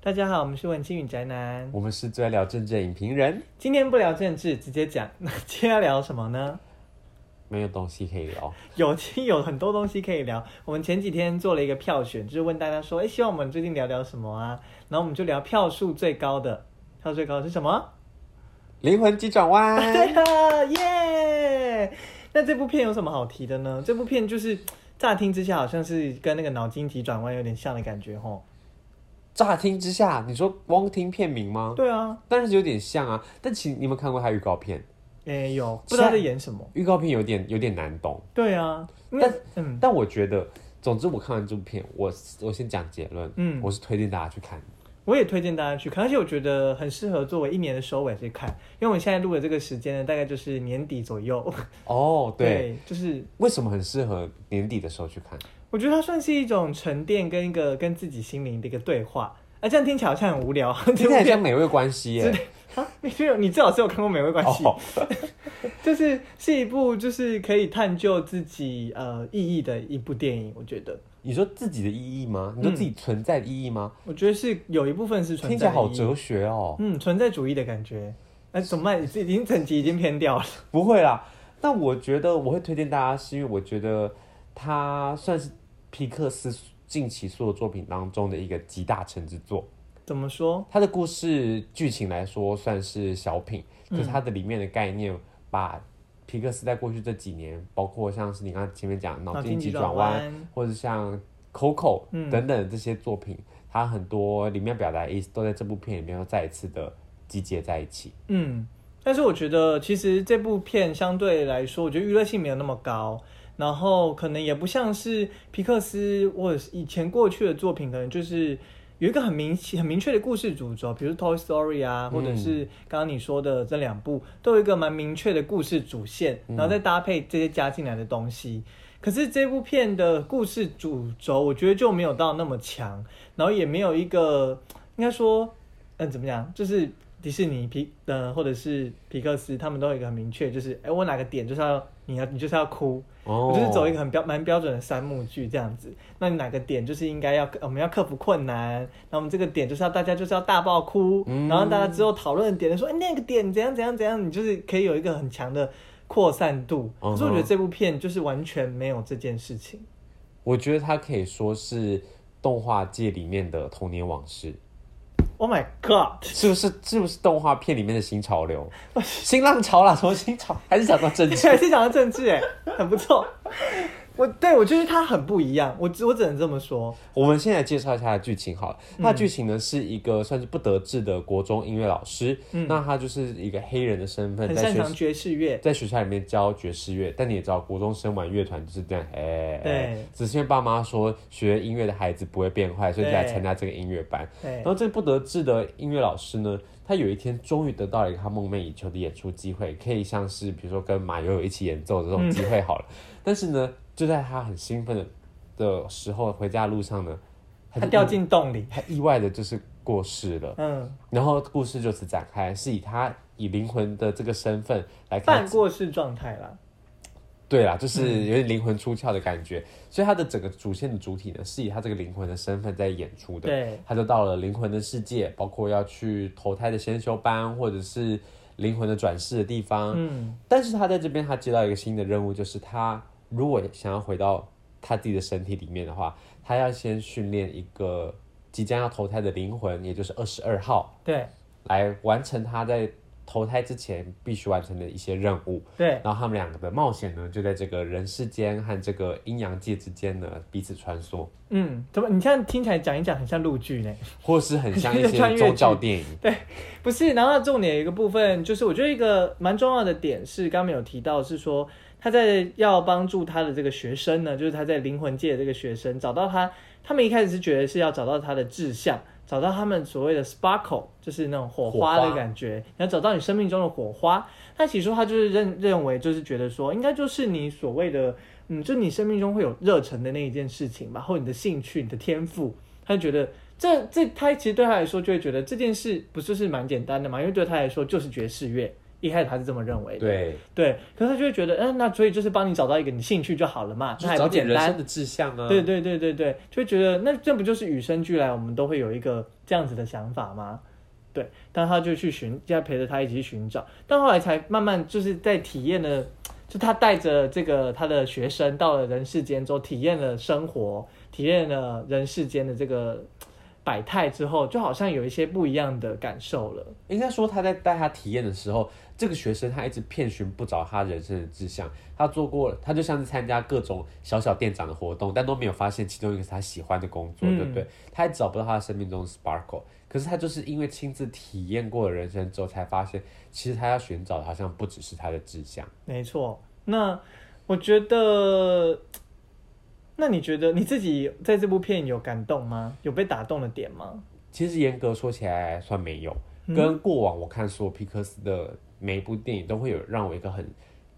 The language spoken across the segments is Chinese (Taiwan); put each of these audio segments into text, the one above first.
大家好，我們是文青與宅男，我們是最愛聊政治的影評人。今天不聊政治，直接講，那今天聊什麼呢？沒有東西可以聊， 有有很多東西可以聊。我們前幾天做了一個票選，就是問大家說，欸，希望我們最近聊聊什麼啊？然後我們就聊票數最高的，票最高的是什麼？靈魂急轉彎。對呀，耶！那這部片有什麼好提的呢？這部片就是乍聽之下好像是跟那個腦筋急轉彎有點像的感覺，吼。乍聽之下，你說光聽片名嗎？對啊，但是有點像啊。但其你有沒有看過他預告片？誒、欸，有。他不知道在演什麼？預告片有點有點難懂。對啊。但嗯，但我覺得，總之我看完這部片，我我先講結論。嗯，我是推薦大家去看。我也推薦大家去看，而且我覺得很適合作為一年的收尾去看，因為我現在錄的這個時間呢，大概就是年底左右。哦，對，就是為什麼很適合年底的時候去看？我覺得它算是一種沉澱跟一個跟自己心靈的一個對話，哎、啊，這樣聽起來好像很無聊。現在講《美味關係》耶、哦，你最好是有看過《美味關係》，就是是一部就是可以探究自己呃意義的一部電影，我覺得。你說自己的意義嗎？嗯、你說自己存在的意義嗎？我覺得是有一部分是存在的意義。聽起來好哲學哦，嗯，存在主義的感覺。哎、啊，怎麼辦？已經整集已經偏掉了，不會啦。那我覺得我會推薦大家，是因為我覺得它算是。皮克斯近期做的作品當中的一個集大成之作。怎麼說？他的故事劇情來說算是小品，就、嗯、是它的裡面的概念，把皮克斯在過去這幾年，包括像是你剛剛前面講腦筋急轉彎，或者像 Coco、嗯、等等這些作品，它很多裡面表達的意思都在這部片裡面又再一次的集結在一起。嗯，但是我覺得其實這部片相對來說，我覺得娛樂性沒有那麼高。然後可能也不像是皮克斯或者是以前過去的作品，可能就是有一個很明很明確的故事主軸，比如《Toy Story》啊，或者是剛剛你說的這兩部，嗯、都有一個蠻明確的故事主線，然後再搭配這些加進來的東西。嗯、可是這部片的故事主軸，我覺得就沒有到那麼強，然後也沒有一個，應該說，嗯、呃，怎麼講，就是迪士尼、皮，的、呃、或者是皮克斯，他們都有一個很明確，就是，哎，我哪個點就是要。你要、啊，你就是要哭，你、oh. 就是走一個很標、蠻標準的三幕劇這樣子。那你哪個點就是應該要，我們要克服困難，那我們這個點就是要大家就是要大爆哭，mm hmm. 然後大家之後討論的點就說，哎、欸，那個點怎樣怎樣怎樣，你就是可以有一個很強的擴散度。Uh huh. 可是我覺得這部片就是完全沒有這件事情。我覺得它可以說是動畫界裡面的童年往事。Oh my God！是不是是不是動畫片裡面的新潮流、新浪潮啦？什麼新潮？還是講到政治， 對，還是講到政治、欸，哎，很不錯。我對我覺得他很不一樣，我我只能這麼說。我們先來介紹一下他的劇情好了。那、嗯、劇情呢是一個算是不得志的國中音樂老師，嗯、那他就是一個黑人的身份，嗯、在學、很擅長爵士樂，在學校裡面教爵士樂。但你也知道，國中生玩樂團就是這樣。哎、欸，對，子軒爸媽說學音樂的孩子不會變壞，所以就來參加這個音樂班。然後這個不得志的音樂老師呢，他有一天終於得到了一個他夢寐以求的演出機會，可以像是比如說跟馬友友一起演奏的這種機會好了。嗯、但是呢。就在他很興奮的時候，回家路上呢，他，他掉進洞裡，他 意外的就是過世了。嗯，然後故事就此展開，是以他以靈魂的這個身份來看過世狀態啦。對啦，就是有點靈魂出竅的感覺，嗯、所以他的整個主線的主體呢，是以他這個靈魂的身份在演出的。對，他就到了靈魂的世界，包括要去投胎的先修班，或者是靈魂的轉世的地方。嗯，但是他在這邊，他接到一個新的任務，就是他。如果想要回到他自己的身體裡面的話，他要先訓練一個即將要投胎的靈魂，也就是二十二號，對，來完成他在投胎之前必須完成的一些任務。對，然後他們兩個的冒險呢，就在這個人世間和這個陰陽界之間呢，彼此穿梭。嗯，怎麼你這樣聽起來講一講，很像陸劇呢，或是很像一些宗教電影 像像？對，不是。然後重點一個部分就是，我覺得一個蠻重要的點是，剛剛沒有提到是說。他在要幫助他的這個學生呢，就是他在靈魂界的這個學生找到他，他們一開始是覺得是要找到他的志向，找到他們所謂的 sparkle，就是那種火花的感覺，火花。然後找到你生命中的火花。他起初他就是認認為就是覺得說，應該就是你所謂的，嗯，就你生命中會有熱忱的那一件事情吧，或你的興趣、你的天賦。他就覺得這這他其實對他來說就會覺得這件事不就是蠻簡單的嘛，因為對他來說就是爵士樂。一開始他是這麼認為的，嗯、對，對。可是他就會覺得，嗯、呃，那所以就是幫你找到一個你興趣就好了嘛，那還不簡單？就找點人生的志向啊。對、啊、對對對對，就會覺得那這不就是與生俱來，我們都會有一個這樣子的想法嗎？對，當他就去尋，現在陪着他一起去尋找，但後來才慢慢就是在體驗了，就他帶着這個他的學生到了人世間之後，體驗了生活，體驗了人世間的這個。百態之後，就好像有一些不一樣的感受了。應該說，他在帶他體驗的時候，這個學生他一直遍尋不着他人生的志向。他做過，他就像是參加各種小小店長的活動，但都沒有發現其中一個是他喜歡的工作，嗯、對不對？他也找不到他的生命中的 sparkle。可是他就是因為親自體驗過了人生之後，才發現其實他要尋找的好像不只是他的志向。沒錯，那我覺得。那你覺得你自己在這部片有感動嗎？有被打動的點嗎？其實嚴格說起來算沒有，嗯、跟過往我看所有皮克斯的每一部電影都會有讓我一個很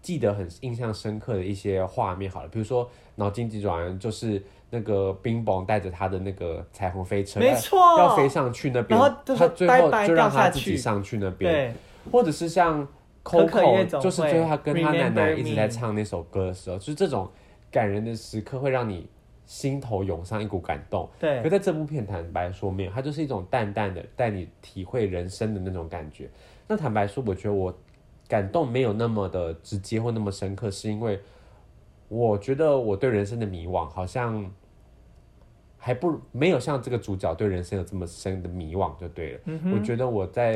記得很印象深刻的一些畫面。好了，比如說《腦筋急轉彎》，就是那個冰棒帶着他的那個彩虹飛車，沒錯，要飛上去那邊，然後他最後就讓他自己上去那邊。那邊對，或者是像 Coco，就是最後他跟他奶奶一直在唱那首歌的時候，就是這種。感人的時刻會讓你心頭湧上一股感動。對，可是在這部片，坦白說沒有，它就是一種淡淡的帶你體會人生的那種感覺。那坦白說，我覺得我感動沒有那麼的直接或那麼深刻，是因為我覺得我對人生的迷惘好像還不沒有像這個主角對人生有這麼深的迷惘就對了。嗯哼。我覺得我在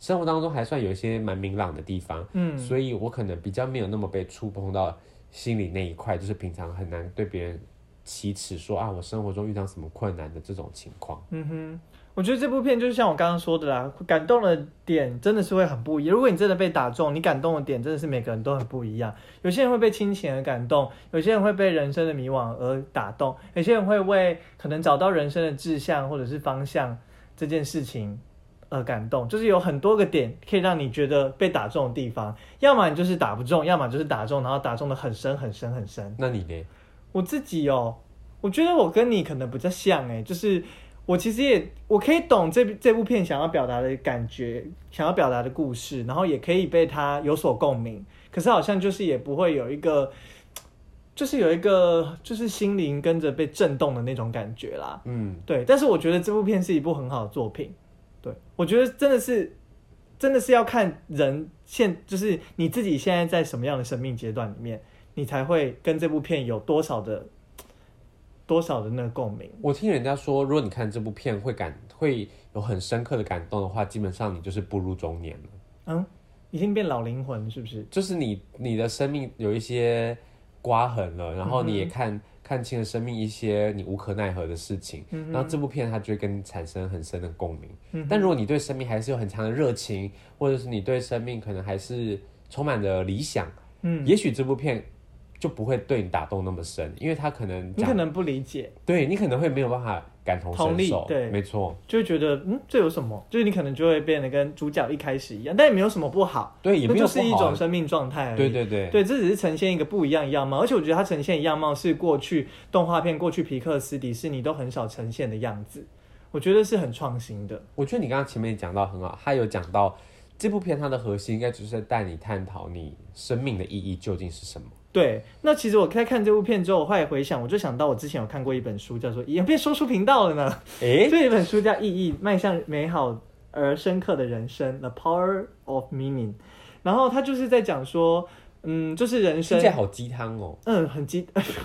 生活當中還算有一些蠻明朗的地方。嗯，所以我可能比較沒有那麼被觸碰到。心裡那一塊，就是平常很難對別人啟齒說啊，我生活中遇到什麼困難的這種情況。嗯哼，我覺得這部片就是像我剛剛說的啦，感動的點真的是會很不一樣。如果你真的被打中，你感動的點真的是每個人都很不一樣。有些人會被親情而感動，有些人會被人生的迷惘而打動，有些人會為可能找到人生的志向或者是方向這件事情。呃，感動就是有很多個點可以讓你覺得被打中的地方，要麼你就是打不中，要麼就是打中，然後打中的很深很深很深。那你呢？我自己哦，我覺得我跟你可能比較像誒。就是我其實也我可以懂這這部片想要表達的感覺，想要表達的故事，然後也可以被它有所共鳴。可是好像就是也不會有一個，就是有一個就是心靈跟着被震動的那種感覺啦。嗯，對。但是我覺得這部片是一部很好的作品。對，我覺得真的是，真的是要看人現，就是你自己現在在什麼樣的生命階段裡面，你才會跟這部片有多少的，多少的那個共鳴。我聽人家說，如果你看這部片會感會有很深刻的感動的話，基本上你就是步入中年了。嗯，已經變老靈魂是不是？就是你你的生命有一些，刮痕了，然後你也看，嗯、哼看清了生命一些你無可奈何的事情，嗯、哼然後這部片它就會跟你產生很深的共鳴。嗯哼，但如果你對生命還是有很強的熱情，或者是你對生命可能還是充滿着理想，嗯，也許這部片就不會對你打動那麼深，因為它可能你可能不理解，對你可能會沒有辦法。感同身受，同理對，沒錯，就覺得嗯，這有什麼？就是你可能就會變得跟主角一開始一樣，但也沒有什麼不好，對，也沒有什麼不好啊，就是一種生命狀態而已，對對對，對，這只是呈現一個不一樣的樣貌，而且我覺得它呈現的樣貌是過去動畫片、過去皮克斯、迪士尼都很少呈現的樣子，我覺得是很創新的。我覺得你剛剛前面講到很好，他有講到這部片它的核心應該只是在帶你探討你生命的意義究竟是什麼。對，那其實我在看這部片之後，我後來回想，我就想到我之前有看過一本書，叫做《演變說書頻道》了呢。誒、欸，對，一本書叫《意義邁向美好而深刻的人生》 （The Power of Meaning），然後他就是在講說，嗯，就是人生現在好雞湯哦，嗯，很雞湯。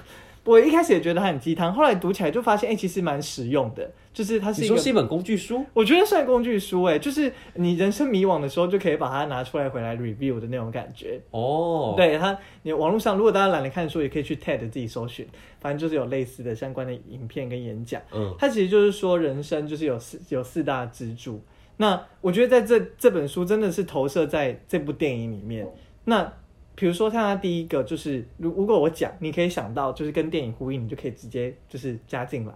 我一開始也覺得它很雞湯，後來讀起來就發現，哎，其實蠻實用的。就是它是一個，你說是一本工具書？我覺得算工具書，欸，哎，就是你人生迷惘的時候，就可以把它拿出來回來 review 的那種感覺。哦，oh. 對，它你網絡上如果大家懶得看書，也可以去 TED 自己搜尋，反正就是有類似的相關的影片跟演講。嗯，它其實就是說人生就是有四有四大支柱。那我覺得在這這本書真的是投射在這部電影裡面。Oh. 那比如說，像他第一個就是，如如果我講，你可以想到就是跟電影呼應，你就可以直接就是加進來。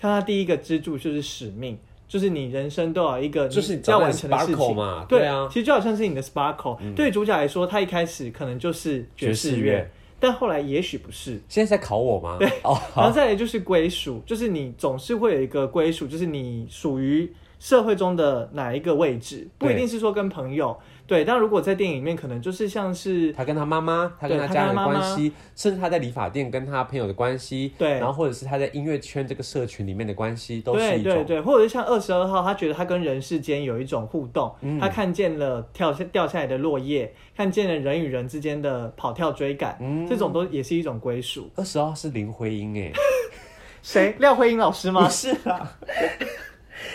像他第一個支柱就是使命，就是你人生都有一個就是要完成的事情。嘛對，對啊，其實就好像是你的 sparkle、啊。對主角來說，他一開始可能就是爵士樂，嗯、但後來也許不是。現在在考我嗎？對，oh, 然後再來就是歸屬， 就是你總是會有一個歸屬，就是你屬於社會中的哪一個位置，不一定是說跟朋友。對，但如果在電影裡面，可能就是像是他跟他媽媽，他跟他家人關係，他他媽媽甚至他在理髮店跟他朋友的關係，對，然後或者是他在音樂圈這個社群裡面的關係，都是一種對對對，或者像二十二號，他覺得他跟人世間有一種互動，嗯、他看見了跳掉下來的落葉，看見了人與人之間的跑跳追趕，嗯、這種都也是一種歸屬。二十二號是林徽因哎，誰？ 廖輝英老師嗎？不是啦。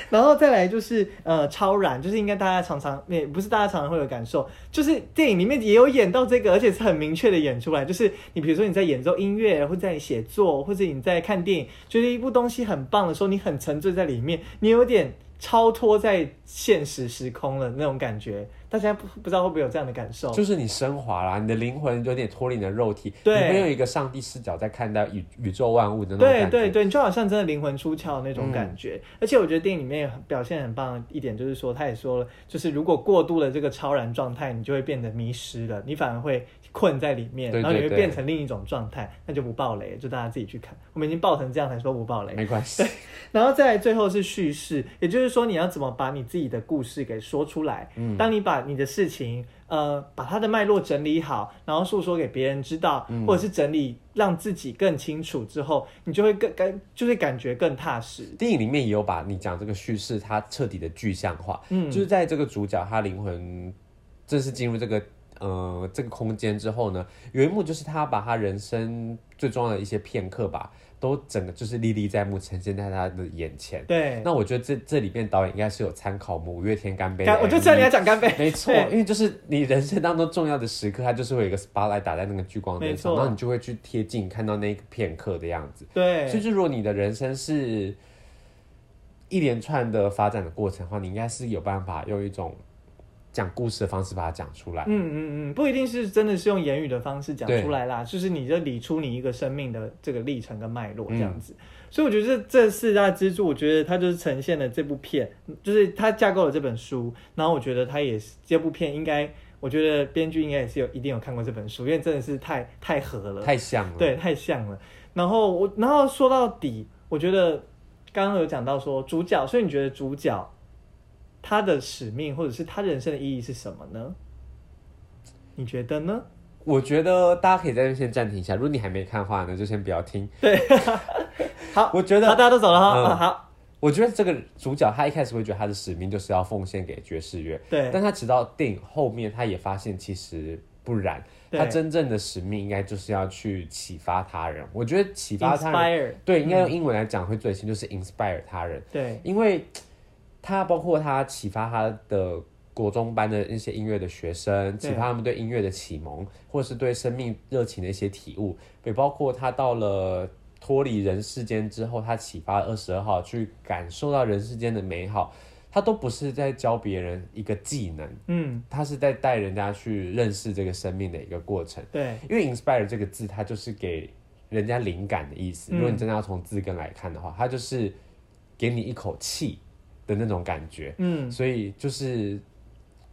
然後再來就是呃超然，就是應該大家常常也不是大家常常會有感受，就是電影裡面也有演到這個，而且是很明確的演出來。就是你比如說你在演奏音樂，或者在寫作，或者你在看電影，覺得一部東西很棒的時候，你很沉醉在裡面，你有點超脫在現實時空了那種感覺。大家不不知道會不會有這樣的感受，就是你昇華啦，你的靈魂有點脫離你的肉體，對你沒有一個上帝視角在看到宇宇宙萬物的那種，對對對，你就好像真的靈魂出竅那種感覺。嗯，而且我覺得電影裡面表現很棒的一點就是說，他也說了，就是如果過度了這個超然狀態，你就會變得迷失了，你反而會困在裡面，然後你會變成另一種狀態，對對對，那就不爆雷，就大家自己去看。我們已經爆成這樣，才說不爆雷？沒關係。對，然後再來最後是敘事，也就是說你要怎麼把你自己的故事給說出來。嗯，當你把你的事情，呃，把它的脈絡整理好，然後訴說給別人知道，嗯、或者是整理讓自己更清楚之後，你就會更感，就會感覺更踏實。電影裡面也有把你講這個敘事，它徹底的具象化，嗯，就是在這個主角他靈魂正式進入這個呃這個空間之後呢，有一幕就是他把他人生最重要的一些片刻吧。都整個就是歷歷在目，呈現在他的眼前。對，那我覺得這這裡面導演應該是有參考《五月天乾杯》。我就知道你要講乾杯，沒錯錯， 因為就是你人生當中重要的時刻，它就是會有一個 spotlight 打在那個聚光燈上，沒錯。然後你就會去貼近看到那一個片刻的樣子。對，所以就如果你的人生是一連串的發展的過程的話，你應該是有辦法用一種。講故事的方式把它講出來，嗯，嗯嗯嗯，不一定是真的是用言語的方式講出來啦，對就是你就理出你一個生命的這個歷程跟脈絡這樣子。嗯。所以我覺得這這四大支柱，我覺得它就是呈現了這部片，就是它架構了這本書。然後我覺得它也是這部片應該，我覺得編劇應該也是有一定有看過這本書，因為真的是太太合了，太像了，對，太像了。然後我然後說到底，我覺得剛剛有講到說主角，所以你覺得主角？他的使命或者是他人生的意義是什麼呢？你覺得呢？我覺得大家可以在這邊先暫停一下，如果你還沒看的話呢，就先不要聽。對， 好，我覺得大家都走了哈、嗯啊。好，我覺得這個主角他一開始會覺得他的使命就是要奉獻給爵士樂，對。但他直到電影後面，他也發現其實不然，對他真正的使命應該就是要去啟發他人。我覺得啟發他人，ire 對，應該用英文來講會最新就是 inspire 他人。嗯、對，因為。他包括他啟發他的國中班的一些音樂的學生，對啊，啟發他們對音樂的啟蒙，或是對生命熱情的一些體悟，也包括他到了脫離人世間之後，他啟發二十二號去感受到人世間的美好。他都不是在教別人一個技能，嗯，他是在帶人家去認識這個生命的一個過程。對，因為 inspire 這個字，它就是給人家靈感的意思。如果你真的要從字根來看的話，嗯，它就是給你一口氣。的那種感覺，嗯，所以就是，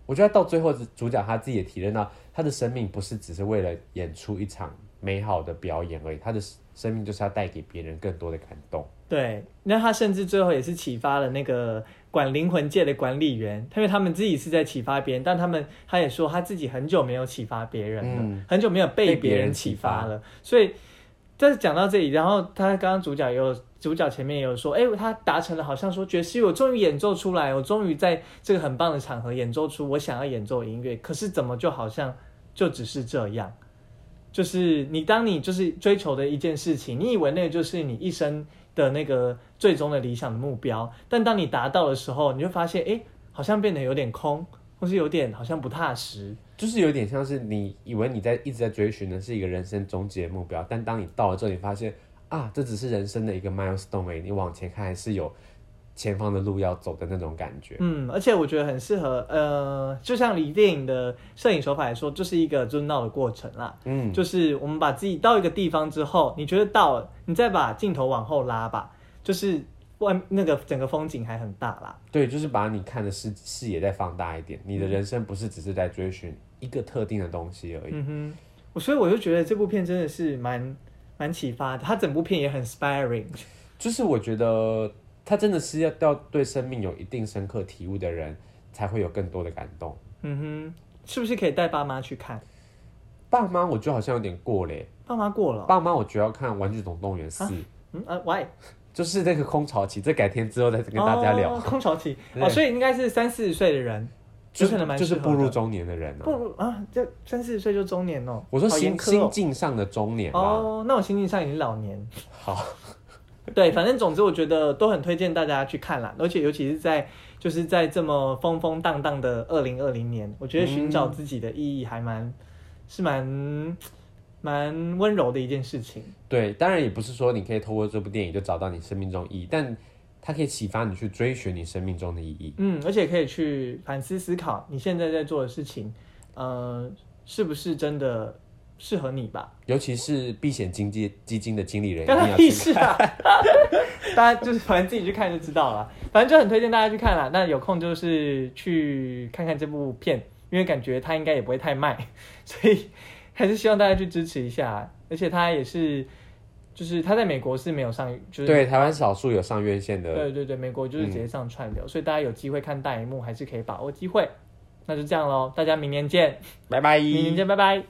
我覺得到最後，主角他自己也提了，那他的生命不是只是為了演出一場美好的表演而已，他的生命就是要帶給別人更多的感動。對，那他甚至最後也是啟發了那個管靈魂界的管理員，因為他們自己是在啟發別人，但他們他也說他自己很久沒有啟發別人了，嗯、很久沒有被別人啟發了，被別人啟發。所以。但是講到這裡，然後他剛剛主角也有，主角前面也有說，誒，他達成了，好像說爵士，我終於演奏出來，我終於在這個很棒的場合演奏出我想要演奏的音樂。可是怎麼就好像就只是這樣？就是你當你就是追求的一件事情，你以為那個就是你一生的那個最終的理想的目標，但當你達到的時候，你就發現，誒，好像變得有點空，或是有點好像不踏實。就是有點像是你以為你在一直在追尋的是一個人生終極的目標，但當你到了這裡發現啊，這只是人生的一個 milestone，欸，你往前看還是有前方的路要走的那種感覺。嗯，而且我覺得很適合，呃，就像李電影的攝影手法來說，就是一個 zoom out 的過程啦。嗯，就是我們把自己到一個地方之後，你覺得到了，你再把鏡頭往後拉吧，就是。那個整個風景還很大啦，對，就是把你看的視視野再放大一點。你的人生不是只是在追尋一個特定的東西而已。嗯哼，我所以我就覺得這部片真的是蠻蠻啟發的。他整部片也很 inspiring，就是我覺得他真的是要要對生命有一定深刻體悟的人，才會有更多的感動。嗯哼，是不是可以帶爸媽去看？爸媽，我覺得好像有點過嘞。爸媽過了、哦，爸媽，我主要看《玩具總動員四》啊。嗯啊，Why？就是那個空巢期，這改天之後再跟大家聊。哦、空巢期對哦，所以應該是三四十歲的人，就是就，就是步入中年的人啊。步入啊，這三四十歲就中年哦。我說心心境上的中年哦，那我心境上已經老年。好， 對，反正總之我覺得都很推薦大家去看啦，而且尤其是在就是在這麼風風蕩荡的二零二零年，我覺得尋找自己的意義還蠻、嗯、還蠻是蠻。蠻溫柔的一件事情。對，當然也不是說你可以透過這部電影就找到你生命中的意義，但它可以啟發你去追尋你生命中的意義。嗯，而且可以去反思思考你現在在做的事情，呃，是不是真的適合你吧？尤其是避險經濟基金的經理人，一定要避險啊！ 大家就是反正自己去看就知道了，反正就很推薦大家去看了。那有空就是去看看這部片，因為感覺它應該也不會太賣，所以。還是希望大家去支持一下，而且他也是，就是他在美國是沒有上，就是對台灣少數有上院線的，對對對，美國就是直接上串流，嗯、所以大家有機會看大熒幕還是可以把握機會，那就這樣嘍，大家明年見，拜拜，明年見，拜拜。